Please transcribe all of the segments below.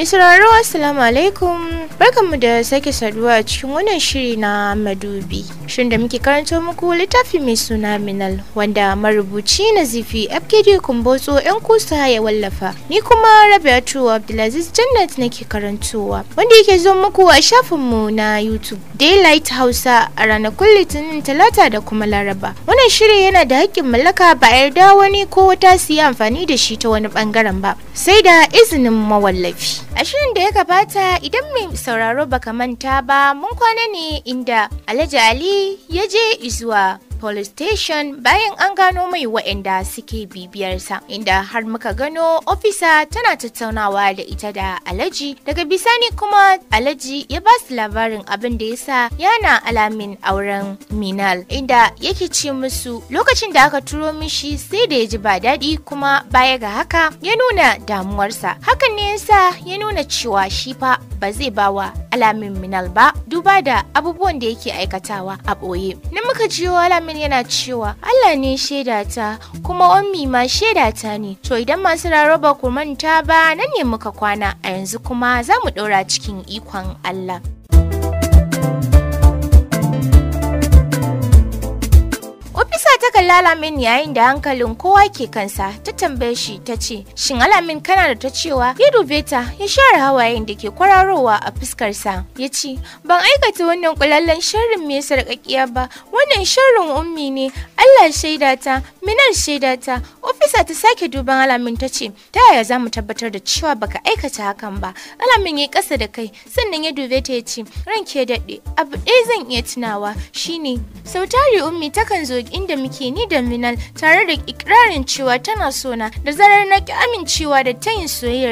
Mai sauraro Assalamu alaikum barkanmu da sake saduwa a cikin wannan shiri na madubi. Shirin da muke karanto muku littafi mai suna Minal wanda marubuci na zifi FKD Kumbotso ‘yan kusa ya wallafa. Ni kuma Rabiatu Abdulaziz Jannat nake karantowa wanda yake zo muku a shafinmu na YouTube Daylight Hausa a ranakun Litinin Talata da kuma Laraba. Wannan shiri yana da haƙƙin mallaka ba a yarda wani ko wata su yi amfani da shi ta wani bangaren ba sai da izinin mawallafi. A shirin da ya gabata idan mai sauraro baka manta ba mun kwana ne inda Alhaji Ali ya je izuwa police station bayan an gano mai waɗanda suke bibiyarsa inda har muka gano ofisa tana tattaunawa da ita da alaji, daga bisani kuma alaji ya ba su labarin abin da yasa yana alamin auren minal inda yake ce musu lokacin da aka turo mishi sai da ya ji ba daɗi kuma baya ga haka ya nuna damuwarsa hakan ne yasa ya nuna cewa shi fa ba zai bawa alamin minal ba duba da abubuwan da yake aikatawa a ɓoye na muka jiyo alamin Jamil yana cewa Allah ne shaida ta kuma ummi ma shaida ta ne. To idan masu raroba ba ku manta ba nan ne muka kwana a yanzu kuma za mu ɗora cikin ikon Allah. kalla lalamin yayin da hankalin kowa ke kansa ta tambaye shi ta ce shin alamin kana da ta cewa ya dube ta ya share hawayen da ke kwararowa a fuskarsa ya ce ban aikata wannan kulallen sharrin mai sarƙaƙiya ba wannan sharrin ummi ne allah shaida ta minar shaida ta ofisa ta sake duban alamin ta ce ta yaya za mu tabbatar da cewa baka aikata hakan ba alamin ya kasa da kai sannan ya dube ta ya ce ranke daɗe abu ɗaya zan iya tunawa shine sautari ummi takan zo inda muke ke ni da Minal tare da ikirarin cewa tana sona da zarar na ki amincewa da ta soyayyar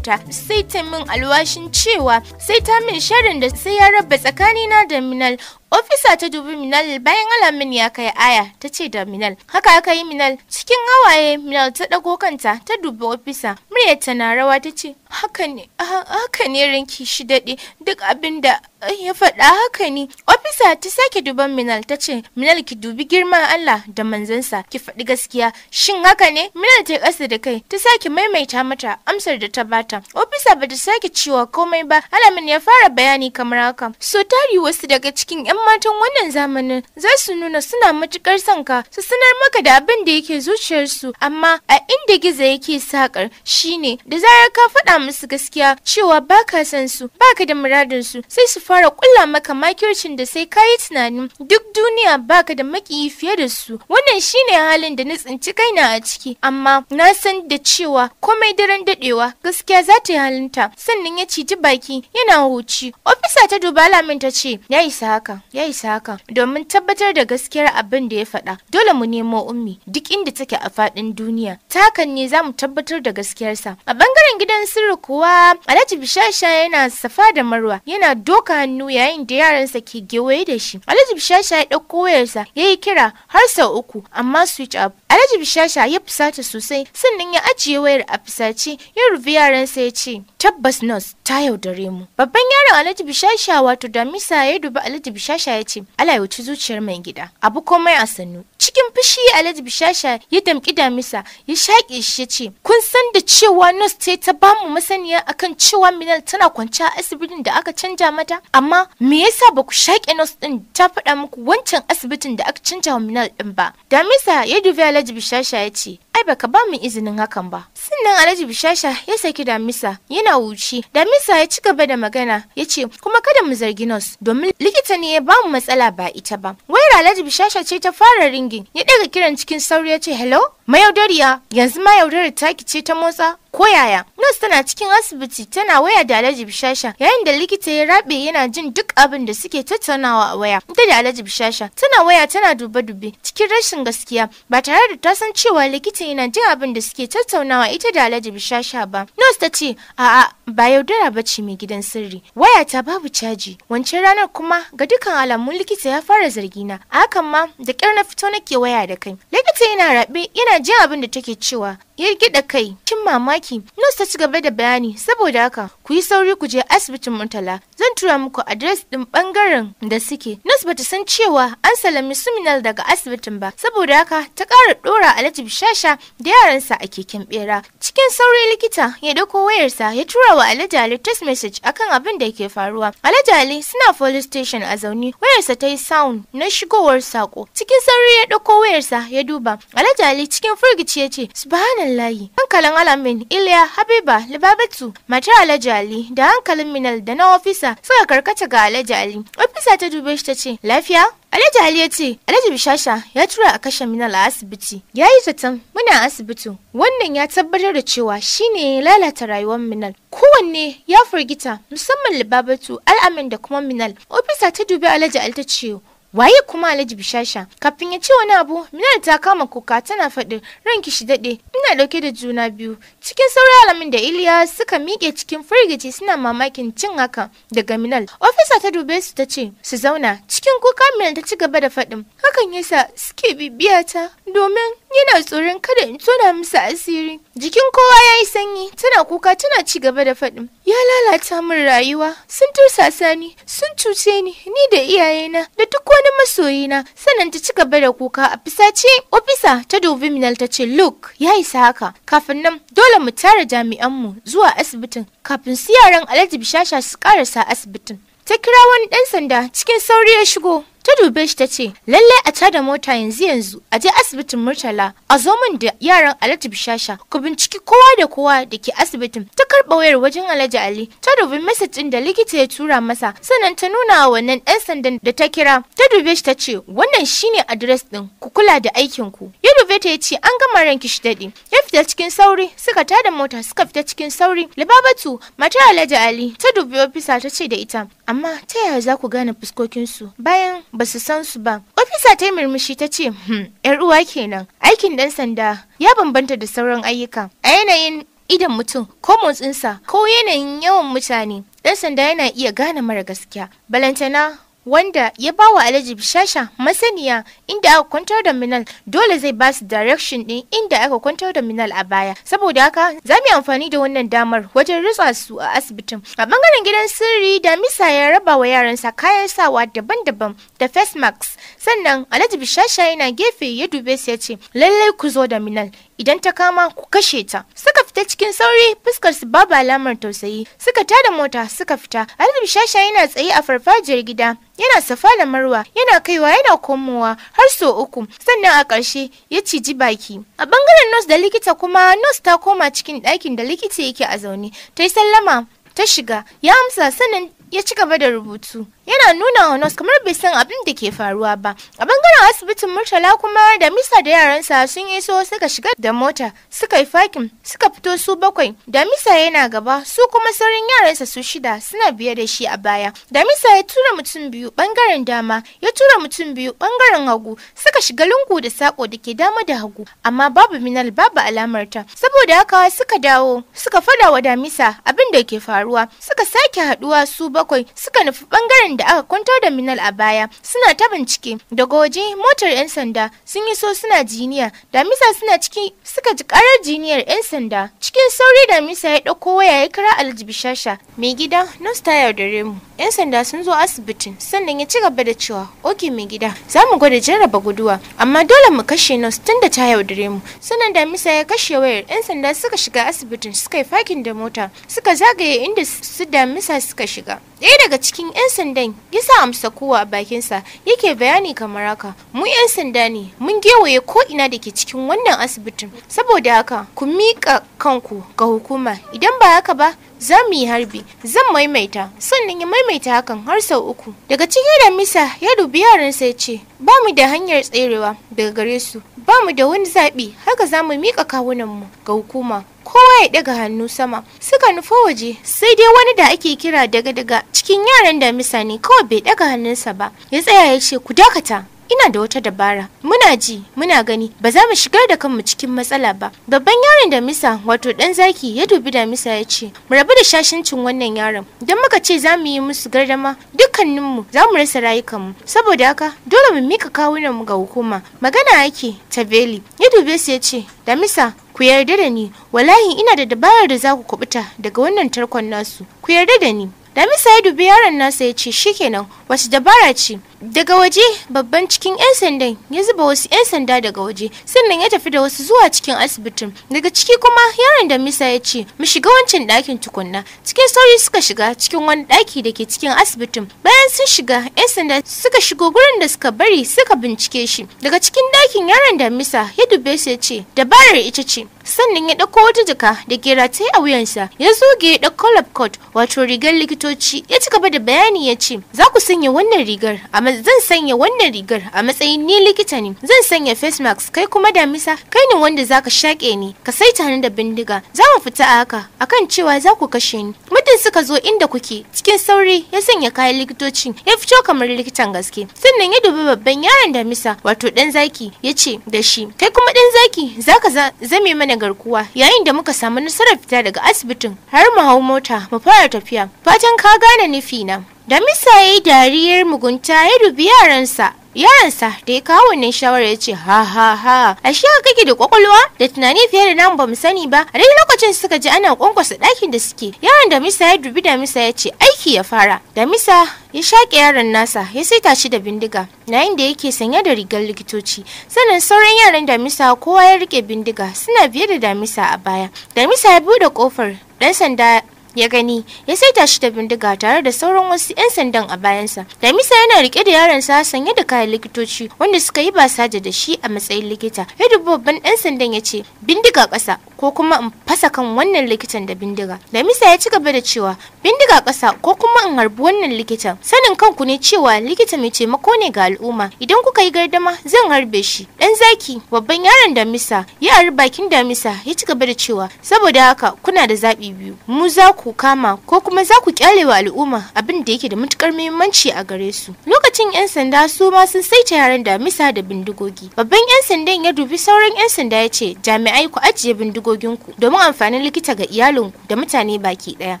soyayyarta sai ta min alwashin cewa sai ta min sharin da sai ya raba tsakanina da Minal Ofisa ta dubi Minal bayan alamin ya kai aya ta ce da Minal. Haka aka yi Minal cikin hawaye Minal ta ɗago kanta ta dubi ofisa. Murya ta na rawa ta ce haka ne haka rinki shi daɗe duk abin da eh, ya faɗa haka ne. Ofisa ta sake duban Minal ta ce Minal ki dubi girman Allah da manzansa ki faɗi gaskiya shin haka ne? Minal ta ƙasa da kai ta sake maimaita mata amsar da ta bata. Ofisa bata sake cewa komai ba alamin ya fara bayani kamar haka. So tari wasu daga cikin 'yan matan wannan zamanin za su nuna suna matukar sanka su sanar maka da abin da yake zuciyarsu amma a inda giza yake sakar shine da zarar ka faɗa musu gaskiya cewa baka san su baka da muradin su sai su fara ƙulla maka makircin da sai kayi tunanin duk duniya baka da makiyi fiye da su wannan shine halin da na tsinci kaina a ciki amma na san da cewa komai daren dadewa gaskiya za ta yi halinta sannan ya ciji baki yana huci ofisa ta duba alamin ta ce ya isa haka ya isa hakan domin tabbatar da gaskiyar abin da ya faɗa dole mu nemo ummi duk inda take a faɗin duniya ta hakan ne za mu tabbatar da gaskiyarsa a bangaren gidan sirri kuwa alhaji bishasha yana safa da marwa yana doka hannu yayin da yaransa ke gewaye da shi alhaji bishasha ya ɗauko wayarsa ya yi kira har sau uku amma switch up alhaji bishasha ya fusata sosai sannan ya ajiye wayar a fusace ya rufe yaransa ya ce tabbas nurse ta yaudare mu babban yaron alhaji bishasha wato damisa ya duba alhaji bishasha Bishasha ya ce, Allah ya wuci zuciyar mai gida. Abu komai a sannu. Cikin fushi Alhaji Bishasha ya damƙi damisa ya shaƙe shi ya ce, Kun san da cewa nurse ta ta ba mu masaniya akan cewa Minal tana kwance a asibitin da aka canja mata? Amma me yasa ba ku shaƙe nurse ɗin ta faɗa muku wancan asibitin da aka canja wa Minal ɗin ba? Damisa ya dubi Alhaji Bishasha ya ce, ai baka ba mu izinin hakan ba sannan alhaji bishasha ya saki damisa yana wuce damisa ya ci gaba da magana ya ce kuma kada mu zargi nos domin likita ne ya ba mu matsala ba ita ba wayar alhaji bishasha ce ta fara ringin ya daga kiran cikin sauri ya ce hello mayaudariya yanzu mayaudari taki ce ta motsa ko yaya Nos tana cikin asibiti tana waya da Alhaji Bishasha yayin da likita ya rabe yana jin duk abin da suke tattaunawa a waya. Ita da Alhaji Bishasha tana waya tana duba dube cikin rashin gaskiya ba tare da ta san cewa likita yana jin abin da suke tattaunawa ita da Alhaji Bishasha ba. Nos ta ce a'a ba yaudara ba ce mai gidan sirri. Waya ta babu caji. Wancan ranar kuma ga dukkan alamun likita ya fara zargina. A hakan ma da kyar na fito nake waya da kai. Likita yana rabe yana jin abin da take cewa ya gida kai. Kin mamaki. Nos ta ci gaba da bayani saboda haka ku yi sauri ku je asibitin murtala zan tura muku adres din bangaren da suke nas bata san cewa an salami suminal daga asibitin ba saboda haka ta kara ɗora alhaji bishasha da yaransa a keken bera Cikin saurin likita ya dauko wayarsa ya tura wa Alhaji Ali text message akan abin da ke faruwa. Alhaji suna police station a zauni, wayarsa ta yi sound na shigowar sako. Cikin sauri ya dauko wayarsa ya duba. Alhaji cikin firgici ya ce subhanallahi hankalin alamin Iliya Habiba Libabatu matar Alhaji da hankalin Minal da na ofisa suka karkata ga Alhaji Ofisa ta dube shi ta ce lafiya Alhaji Ali ya ce, Alhaji Bishasha ya tura a kashe Minal a asibiti. Ya yi zaton muna asibiti. Wannan ya tabbatar da cewa shi ne ya lalata rayuwar Minal. Kowanne ya firgita musamman Libabatu, Al'amin da kuma Minal. Ofisa ta dubi Alhaji Ali ta ce, waye kuma Alhaji Bishasha kafin ya ce wani abu Minal ta kama kuka tana faɗi ranki shi daɗe ina ɗauke da juna biyu Cikin sauran alamin da Iliya suka miƙe cikin firgici suna mamakin cin haka daga Minal. Ofisa ta dube su ta ce su zauna cikin kuka Minal ta ci gaba da faɗin. Hakan yasa suke bibiya ta domin yana tsoron kada in tona musu asiri. Jikin kowa ya yi sanyi tana kuka tana ci gaba da faɗin. Ya lalata min rayuwa sun tursasa ni sun cuce ni ni da iyayena da duk wani masoyina sannan ta ci gaba da kuka a fisace ofisa ta dubi minal ta ce look ya isa haka kafin nan dole mu tara jami'an mu zuwa asibitin kafin su yaran alhaji bishasha su karasa asibitin ta kira wani ɗan sanda cikin sauri ya shigo ta dube shi ta ce lalle a da mota yanzu yanzu a je asibitin murtala a zo min da yaran alhaji bishasha ku binciki kowa da kowa da ke asibitin ta karɓa wayar wajen alhaji ali ta dubi message ɗin da likita ya tura masa sannan ta nuna wa wannan ɗan sandan da ta kira ta dube shi ta ce wannan shine adres ɗin ku kula da aikin ku ya dube ta ya ce an gama ranki shi daɗi ya fita cikin sauri suka da mota suka fita cikin sauri libabatu mata alhaji ali ta dubi ofisa ta ce da ita amma ta yaya za ku gane fuskokinsu bayan ba su san su ba. Ofisa ta yi murmushi ta ce, ‘yar hmm, uwa kenan, aikin ɗan sanda ya bambanta da sauran ayyuka. A yanayin idan mutum ko motsinsa ko yanayin yawan mutane, ɗan sanda yana iya gane mara gaskiya. Balantana wanda ya ba wa Alhaji Bishasha masaniya inda aka kwantar da Minal dole zai ba su direction din inda aka kwantar da Minal a baya. Saboda haka za mu yi amfani da wannan damar wajen ritsa su a asibitin. A bangaren gidan sirri da misa ya raba wa yaransa kayan sawa daban-daban da face mask. Sannan Alhaji Bishasha yana gefe ya dube su ya ce lallai ku zo da Minal idan ta kama ku kashe ta. Suka ta cikin sauri fuskar su babu alamar tausayi suka tada mota suka fita alhaji shasha yana tsaye a farfajiyar gida yana safa da marwa yana kaiwa yana komowa har so uku sannan a ƙarshe ya ciji baki a bangaren nos da likita kuma nos ta koma cikin ɗakin da likita yake a zaune ta yi sallama ta shiga ya amsa sannan ya ci gaba da rubutu yana nuna wa nos kamar bai san abin da ke faruwa ba a bangaren asibitin murtala kuma da misa da yaransa sun iso suka shiga da mota suka yi fakin suka fito su bakwai da misa yana gaba su kuma sauran yaransa su shida suna biye da shi a baya da misa ya tura mutum biyu bangaren dama ya tura mutum biyu bangaren hagu suka shiga lungu da sako da ke dama da hagu amma babu minal babu alamar ta saboda haka suka dawo suka fada wa damisa abin da ke faruwa suka sake haduwa su bakwai suka nufi bangaren da aka kwantar da Minal a baya suna ta bincike da goji motar 'yan sanda sun yi so suna jiniya da misa suna ciki suka ji karar jiniyar 'yan sanda cikin sauri da misa ya ɗauko waya ya kira Alhaji Bishasha mai gida nos ta yaudare mu 'yan sanda sun zo asibitin sannan ya ci gaba da cewa oke mai gida za mu gwada jarraba guduwa amma dole mu kashe nos tun da ta yaudare mu sannan da misa ya kashe wayar 'yan sanda suka shiga asibitin suka yi fakin da mota suka zagaye inda su da misa suka shiga ɗaya daga cikin 'yan sandan Hussein sa amsa kowa a bakinsa yake bayani kamar haka. Mu 'yan sanda ne, mun gewaye ko ina da ke cikin wannan asibitin. Saboda haka, ku miƙa kanku ga hukuma. Idan ba haka ba, za mu yi harbi zan maimaita sannan ya maimaita hakan har sau uku daga cikin da misa ya dubi yaran sai ce ba mu da hanyar tserewa daga gare su ba mu da wani zaɓi haka za mu miƙa kawunanmu ga hukuma kowa ya ɗaga hannu sama suka nufo waje sai dai wani da ake kira daga daga cikin yaran da misa ne kawai bai ɗaga hannunsa ba ya tsaya ya ce ku dakata ina da wata dabara. Muna ji, muna gani, ba za mu shigar da kanmu cikin matsala ba. Babban yaron da misa wato dan zaki ya dubi da misa ya ce, mu rabu da shashincin wannan yaron. Don muka ce za mu yi musu gardama dukkaninmu za mu rasa rayukanmu. Saboda haka dole mu mika kawunanmu ga hukuma. Magana yake Tabeli ya dube su ya ce, Damisa, ku yarda da ni, wallahi ina da dabarar da za ku kubuta daga wannan tarkon nasu. Ku yarda da ni. Lamisa ya dubi yaron nasa ya ce kenan wace dabara ce. Daga waje babban cikin 'yan sandan ya zuba wasu 'yan sanda daga waje sannan ya tafi da wasu zuwa cikin asibitin. Daga ciki kuma yaron da Misa ya ce mu shiga wancan ɗakin tukunna. Cikin sauri suka shiga cikin wani ɗaki da ke cikin asibitin. Bayan sun shiga 'yan sanda suka shigo gurin da suka bari suka bincike shi. Daga cikin ɗakin yaron da Misa ya dube su ya ce dabarar ita ce sannan ya ɗauko wata jaka da ke rataye a wuyansa ya zoge ya ɗauko labcot wato rigar likitoci ya ci gaba da bayani ya ce za ku sanya wannan rigar zan sanya wannan rigar a matsayin ni likita ne zan sanya face mask kai kuma damisa kai ne wanda za ka shaƙe ni ka sai tare da bindiga za mu fita a haka akan cewa za ku kashe ni suka zo inda kuke cikin sauri ya sanya kayan likitocin ya fito kamar likitan gaske sannan ya dubi babban yaron da misa wato dan zaki ya ce da shi kai kuma dan zaki za ka zame mana garkuwa yayin da muka samu nasarar fita daga asibitin har mu hau mota mu fara tafiya fatan ka gane nufi na da misa ya yi dariyar mugunta ya dubi yaransa yaransa da ya kawo wannan shawara ya ce ha ha ha ashe kake da kwakwalwa da tunani fiye da namu bamu sani ba a duk lokacin suka ji ana kwankwasa ɗakin da suke yaron da misa ya dubi da misa ya ce aiki ya fara da misa ya shaƙe yaron nasa ya saita shi da bindiga yayin da yake sanye da rigar likitoci sannan sauran yaran damisa kowa ya rike bindiga suna biye da damisa a baya damisa ya buɗe kofar ɗan sanda ya gani ya saita shi da bindiga tare da sauran wasu 'yan sandan a bayansa damisa yana rike da yaron sa sanye da kayan likitoci wanda suka yi basaja da shi a matsayin likita ya dubi babban 'yan sandan ya ce bindiga ƙasa ko kuma in fasa kan wannan likitan da bindiga damisa ya ci gaba da cewa bindiga ƙasa ko kuma in harbi wannan likitan sanin kanku ne cewa likita mai taimako ne ga al'umma idan kuka yi gardama zan harbe shi Dan zaki babban yaron damisa ya ari bakin damisa ya ci gaba da cewa saboda haka kuna da zaɓi biyu mu za ku ku kama ko kuma za ku kyale wa al'umma abin da yake da matukar muhimmanci a gare su lokacin yan sanda su ma sun saita yaren da misa da bindigogi babban yan sandan ya dubi sauran yan sanda ya ce jami'ai ku ajiye bindigogin ku domin amfanin likita ga iyalinku da mutane baki daya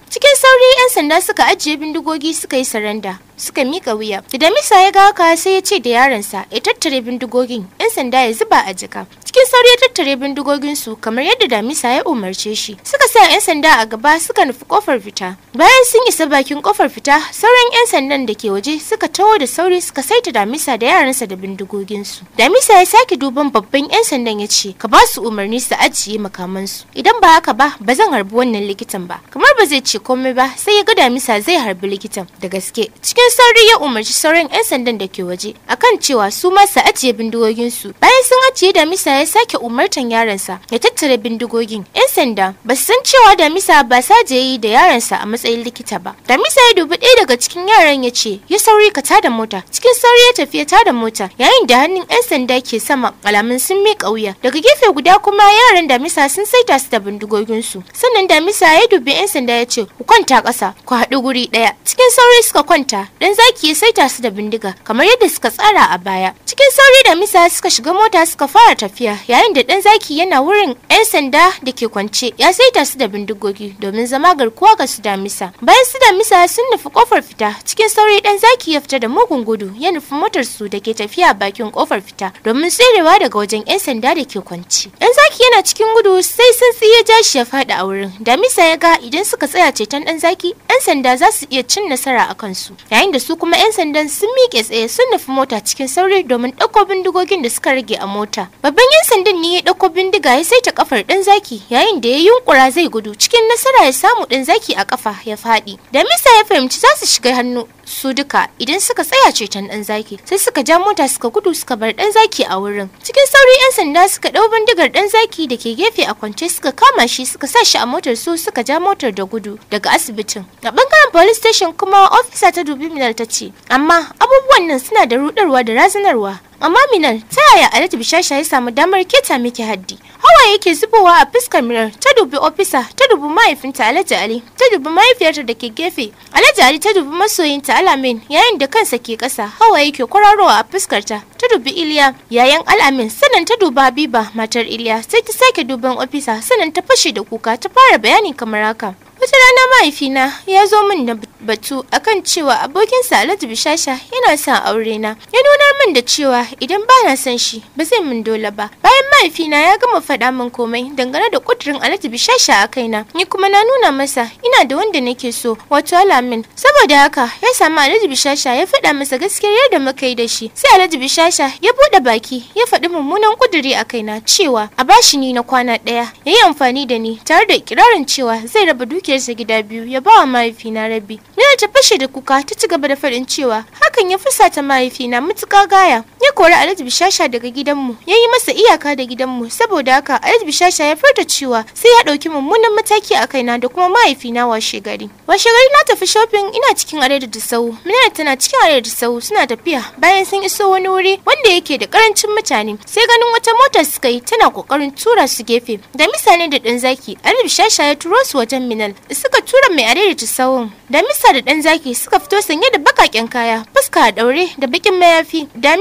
cikin sauri yan sanda suka ajiye bindigogi suka yi saranda suka mika wuya da misa ya ga haka sai ya ce da yaransa ya tattare bindigogin yan sanda ya zuba a jika cikin sauri ya tattare bindigoginsu kamar yadda damisa ya umarce shi suka sa 'yan sanda a gaba suka nufi kofar fita bayan sun isa bakin kofar fita sauran 'yan sandan da ke waje suka taho da sauri suka saita damisa da yaransa da bindigoginsu damisa ya sake duban babban 'yan sandan ya ce ka ba su umarni su ajiye makamansu idan ba haka ba ba zan harbi wannan likitan ba kamar ba zai ce komai ba sai ya ga damisa zai harbi likitan da gaske cikin sauri ya umarci sauran 'yan sandan da ke waje akan cewa su ma su ajiye bindigoginsu bayan sun ajiye damisa ya sake umartan yaransa ya tattara bindigogin. 'Yan sanda ba su san cewa Damisa ba je yi da yaransa a matsayin likita ba. Damisa ya dubi ɗaya daga cikin yaran ya ce, "Ya sauri ka tada mota." Cikin sauri ya tafi ya tada mota, yayin da hannun 'yan sanda ke sama alamun sun mi wuya. Daga gefe guda kuma yaran Damisa sun saita su da bindigoginsu. Sannan Damisa ya dubi 'yan sanda ya ce, "Ku kwanta ƙasa, ku haɗu guri ɗaya." Cikin sauri suka kwanta, dan zaki ya saita su da bindiga kamar yadda suka tsara a baya. Cikin sauri Damisa suka shiga mota suka fara tafiya. gida yayin da ɗan zaki yana wurin 'yan sanda da ke kwance ya saita su da bindigogi domin zama garkuwa ga su damisa bayan su damisa sun nufi kofar fita cikin sauri ɗan zaki ya fita da mugun gudu ya nufi motar su da ke tafiya bakin kofar fita domin tserewa daga wajen 'yan sanda da ke kwance ɗan zaki yana cikin gudu sai sun tsiye jashi ya faɗi a wurin damisa ya ga idan suka tsaya ceton ɗan zaki 'yan sanda za su iya cin nasara a kansu yayin da su kuma 'yan sandan sun miƙe tsaye sun nufi mota cikin sauri domin ɗauko bindigogin da suka rage a mota babban yan sandan ne ya ɗauko bindiga ya saita kafar ɗan zaki yayin da ya yunkura zai gudu cikin nasara ya samu ɗan zaki a kafa ya faɗi. Da misa ya fahimci za su shiga hannu su duka idan suka tsaya ceton dan zaki sai suka ja mota suka gudu suka bar dan zaki a wurin cikin sauri yan sanda suka dau bindigar dan zaki da ke gefe a kwance suka kama shi suka sa shi a motar su suka ja motar da gudu daga asibitin a bangaren police station kuma ofisa ta dubi minar ta ce amma abubuwan nan suna da rudarwa da razanarwa amma minar ta yaya alhaji bishasha ya samu damar keta miki haddi hawa yake zubowa a fuskar minar ta dubi ofisa ta dubi mahaifinta alhaji ali ta dubi mahaifiyarta da ke gefe alhaji ali ta dubi masoyinta Al'amin yayin da kansa ke ƙasa hawa yake kwararowa a fuskarta ta dubi Iliya yayin Al'amin sannan ta duba biba matar Iliya sai ta sake duban ofisa sannan ta fashe da kuka ta fara bayani kamar haka. wata rana mahaifina ya zo min da batu akan cewa abokinsa alhaji bishasha yana son aure na ya nunar min da cewa idan ba na son shi ba zai min dole ba bayan mahaifina ya gama faɗa min komai dangane da kudirin alhaji bishasha a kaina ni kuma na nuna masa ina da wanda nake so wato alamin saboda haka ya samu alhaji bishasha ya faɗa masa gaskiyar yadda muka yi da shi sai alhaji bishasha ya buɗe baki ya faɗi mummunan ƙuduri a kaina cewa a bashi ni na kwana ɗaya ya yi amfani da ni tare da ikirarin cewa zai raba duki dukiyarsa gida biyu ya ba wa mahaifina rabi yana ta fashe da kuka ta ci gaba da faɗin cewa hakan ya fusata mahaifina matuƙa gaya ya kori alhaji bishasha daga gidanmu ya yi masa iyaka da gidanmu saboda haka alhaji bishasha ya furta cewa sai ya ɗauki mummunan mataki a kaina da kuma mahaifina washe gari washe gari na tafi shopping ina cikin arewa da sau minana tana cikin arewa da sau suna tafiya bayan sun iso wani wuri wanda yake da karancin mutane sai ganin wata mota suka yi tana kokarin tura su gefe da misali da ɗan zaki alhaji bishasha ya turo su wajen minal suka tura mai adaidaita sawun da misa da dan zaki suka fito sanye da bakaƙen kaya fuska a daure da bakin mayafi da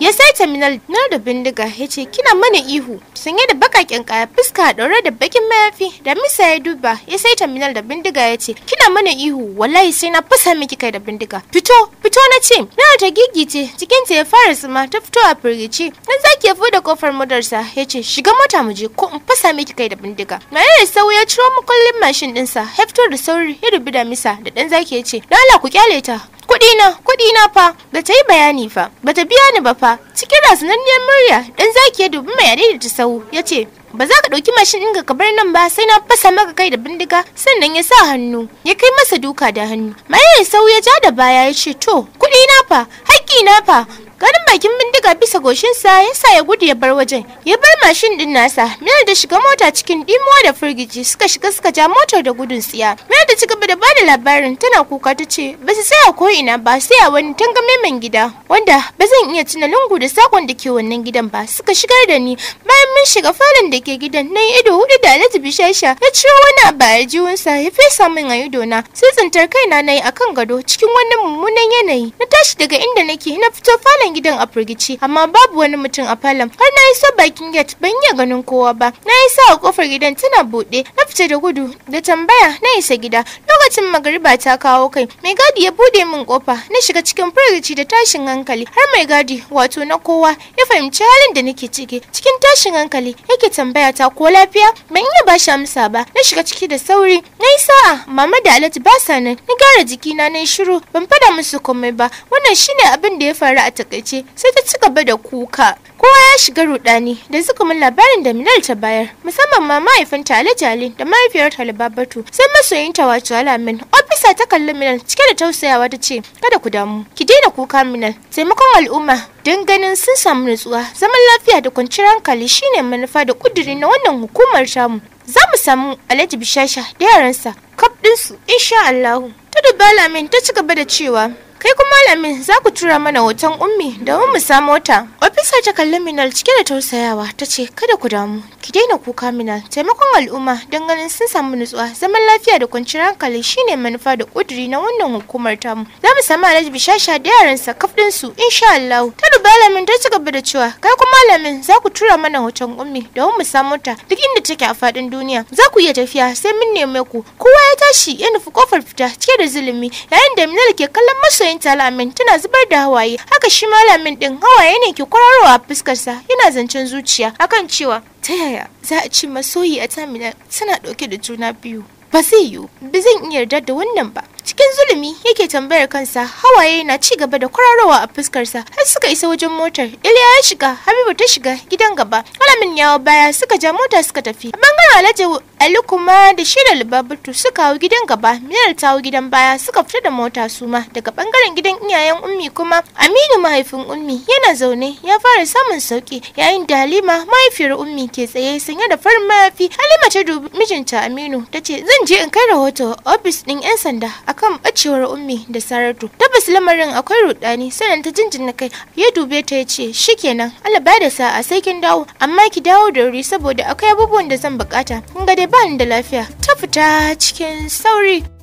ya sai terminal na da bindiga ya ce kina mana ihu sanye da bakakin kaya fuska a daure da bakin mayafi Damisa ya duba ya sai terminal da bindiga ya ce kina mana ihu wallahi sai na fasa miki kai da bindiga fito fito na ce na ta gigice cikinta ya fara tsima ta fito a firgice dan zaki ya bude kofar motarsa ya ce shiga mota mu je ko in fasa miki kai da bindiga mai sau ya ciro mukullin mashin din kansa da sauri ya dubi da misa da ɗan zaki ya ce lala ku kyale ta kuɗi na kuɗi na fa Ba ta yi bayani fa Ba ta biya ni ba fa cikin rasananniyar murya ɗan zaki ya dubi mai adai ta sau ya ce ba za ka ɗauki mashin ɗinka ka bar nan ba sai na fasa maka kai da bindiga sannan ya sa hannu ya kai masa duka da hannu mai sau ya ja da baya ya ce to kuɗi na fa haƙƙi na fa ganin bakin bindiga bisa goshinsa ya sa ya gudu ya bar wajen ya bar mashin din nasa mayar da shiga mota cikin dimuwa da firgici suka shiga suka ja motar da gudun tsiya mayar da ci gaba da bada labarin tana kuka ta ce ba su tsaya ko ina ba sai a wani tangame man gida wanda ba zan iya tuna lungu da sakon da ke wannan gidan ba suka shigar da ni bayan mun shiga falon da ke gidan na yi ido hudu da alhaji bishasha ya ciro wani abu a jiwunsa ya fesa min a ido na sai zantar kaina na yi akan gado cikin wani mummunan yanayi na tashi daga inda nake na fito falon wannan gidan a firgici amma babu wani mutum a falon har na iso bakin get ban iya ganin kowa ba na isa a kofar gidan tana buɗe na fita da gudu da tambaya na isa gida lokacin magariba ta kawo kai mai gadi ya buɗe min kofa na shiga cikin firgici da tashin hankali har mai gadi wato na kowa ya fahimci halin da nake ciki cikin tashin hankali yake tambaya ta ko lafiya ban iya ba shi amsa ba na shiga ciki da sauri na yi sa'a mama da alhaji ba sa nan na gyara jikina na yi shiru ban fada musu komai ba wannan shine abin da ya faru a takaice ce sai ta ci gaba da kuka kowa ya shiga rudani da zukumin labarin da minal ta bayar musamman ma mahaifinta alajali da mahaifiyar talibabatu sai masoyinta wato alamin ofisa ta kalli minal cike da tausayawa ta ce kada ku damu ki daina kuka minal taimakon al'umma don ganin sun samu nutsuwa zaman lafiya da kwanciyar hankali shine manufa da kuduri na wannan hukumar tamu za mu samu alhaji bishasha da yaransa kaf ɗinsu insha allahu ta dubala ta ci gaba da cewa kai kuma malamin za ku tura mana hoton ummi domin mu samu wata Ofisar ta kalli minal cike da tausayawa ta ce kada ku damu ki daina kuka minal taimakon al'umma don ganin sun samu nutsuwa zaman lafiya da kwanciyar hankali shine manufa da kuduri na wannan hukumar tamu za mu samu alhaji bishasha da yaransa kaf ɗinsu insha Allah ta malamin ta ci gaba da cewa kai kuma malamin za ku tura mana hoton ummi da mu samu ta duk inda take a fadin duniya za ku iya tafiya sai mun neme ku kowa ya tashi ya nufi kofar fita cike da zulumi yayin da minal ke kallon masoyin talamin tana zubar da hawaye haka shi malamin din hawaye ne ke kwararowa a fuskarsa yana zancen zuciya akan cewa ta yaya za a ci masoyi a terminal tana dauke da juna biyu ba zai yiwu ba zan iya yarda da wannan ba cikin zulumi yake tambayar kansa hawaye na ci gaba da kwararowa a fuskarsa har suka isa wajen motar iliya ya shiga habibu ta shiga gidan gaba alamin yawo baya suka ja mota suka tafi a bangaren alhaji ali kuma da shi da libabutu suka hau gidan gaba minar ta gidan baya suka fita da mota suma daga bangaren gidan iyayen ummi kuma aminu mahaifin ummi yana zaune ya fara samun sauki yayin da halima mahaifiyar ummi ke tsaye sanye da farin mayafi halima ta dubi mijinta aminu ta ce zan je in kai rahoto ofis din yan sanda a akan bacewar ummi da saratu tabbas lamarin akwai rudani sannan ta jinjina kai ya dube ta yace, ce shikenan Allah ba da sa'a sai kin dawo amma ki dawo da wuri saboda akwai abubuwan da zan bukata kun ga dai ba da lafiya ta fita cikin sauri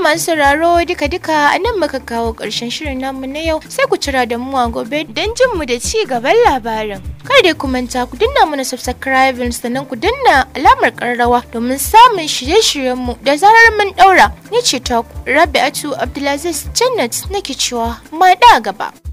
masu sauraro duka-duka a nan muka kawo ƙarshen shirin namu na yau sai ku cira da mu gobe don jin mu da ci gaban labarin. Kar da ku manta ku danna mana subscribing sannan ku danna alamar ƙararrawa domin samun shirye shiryen mu da zarar mun ɗaura. Ni ce ta Rabi'atu Abdulaziz Jannat nake cewa ma da gaba.